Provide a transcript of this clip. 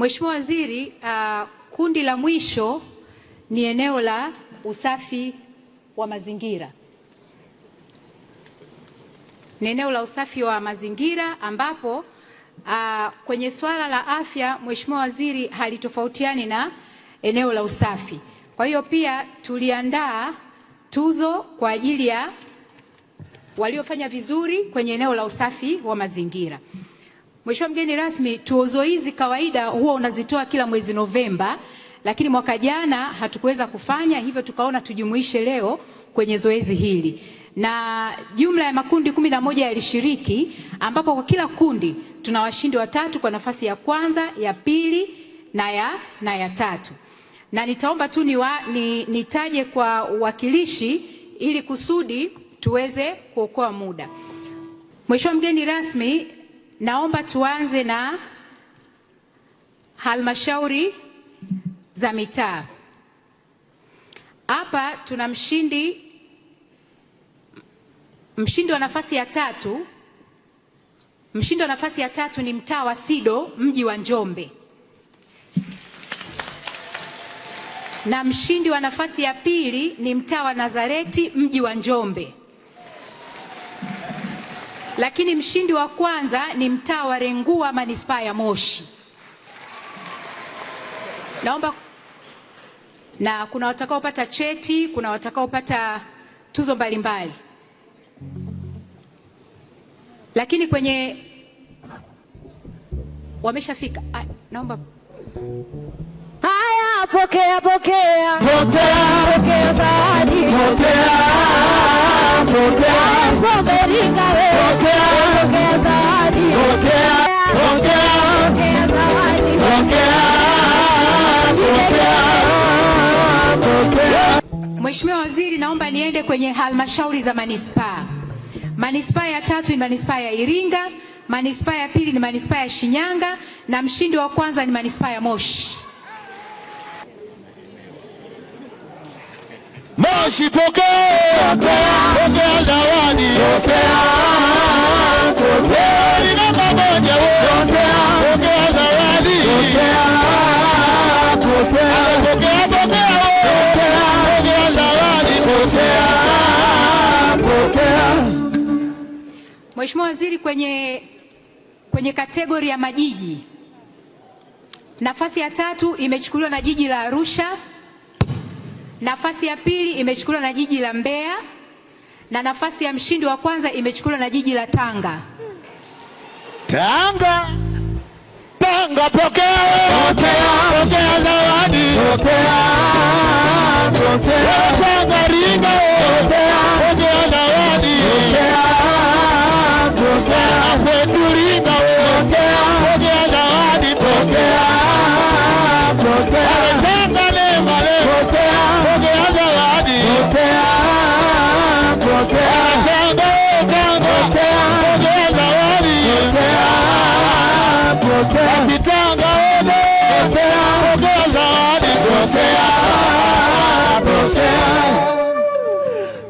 Mheshimiwa Waziri, uh, kundi la mwisho ni eneo la usafi wa mazingira. Ni eneo la usafi wa mazingira ambapo uh, kwenye swala la afya Mheshimiwa Waziri halitofautiani na eneo la usafi. Kwa hiyo pia tuliandaa tuzo kwa ajili ya waliofanya vizuri kwenye eneo la usafi wa mazingira. Mheshimiwa mgeni rasmi, tuzo hizi kawaida huwa unazitoa kila mwezi Novemba, lakini mwaka jana hatukuweza kufanya hivyo, tukaona tujumuishe leo kwenye zoezi hili, na jumla ya makundi kumi na moja yalishiriki, ambapo kwa kila kundi tuna washindi watatu kwa nafasi ya kwanza, ya pili na ya, na ya tatu, na nitaomba tu ni wa, ni, nitaje kwa uwakilishi ili kusudi tuweze kuokoa muda. Mheshimiwa mgeni rasmi Naomba tuanze na halmashauri za mitaa. Hapa tuna mshindi, mshindi wa nafasi ya tatu. Mshindi wa nafasi ya tatu ni mtaa wa Sido, mji wa Njombe, na mshindi wa nafasi ya pili ni mtaa wa Nazareti, mji wa Njombe lakini mshindi wa kwanza ni mtaa wa Rengua, manispaa ya Moshi. Naomba na kuna watakaopata cheti, kuna watakaopata tuzo mbalimbali mbali. Lakini kwenye wameshafika, ah, naomba haya, pokea pokea pokea pokea zawadi, pokea pokea, pokea. Pokea. Pokea. Mheshimiwa Waziri, naomba niende kwenye halmashauri za manispaa. Manispaa ya tatu ni manispaa ya Iringa, manispaa ya pili ni manispaa ya Shinyanga na mshindi wa kwanza ni manispaa ya Moshi. Moshi pokea! Pokea, pokea. Mheshimiwa Waziri, kwenye, kwenye kategori ya majiji nafasi ya tatu imechukuliwa na jiji la Arusha, nafasi ya pili imechukuliwa na jiji la Mbeya na nafasi ya mshindi wa kwanza imechukuliwa na jiji la Tanga. Tanga, Tanga, pokea, pokea, pokea zawadi, pokea, pokea. Pokea,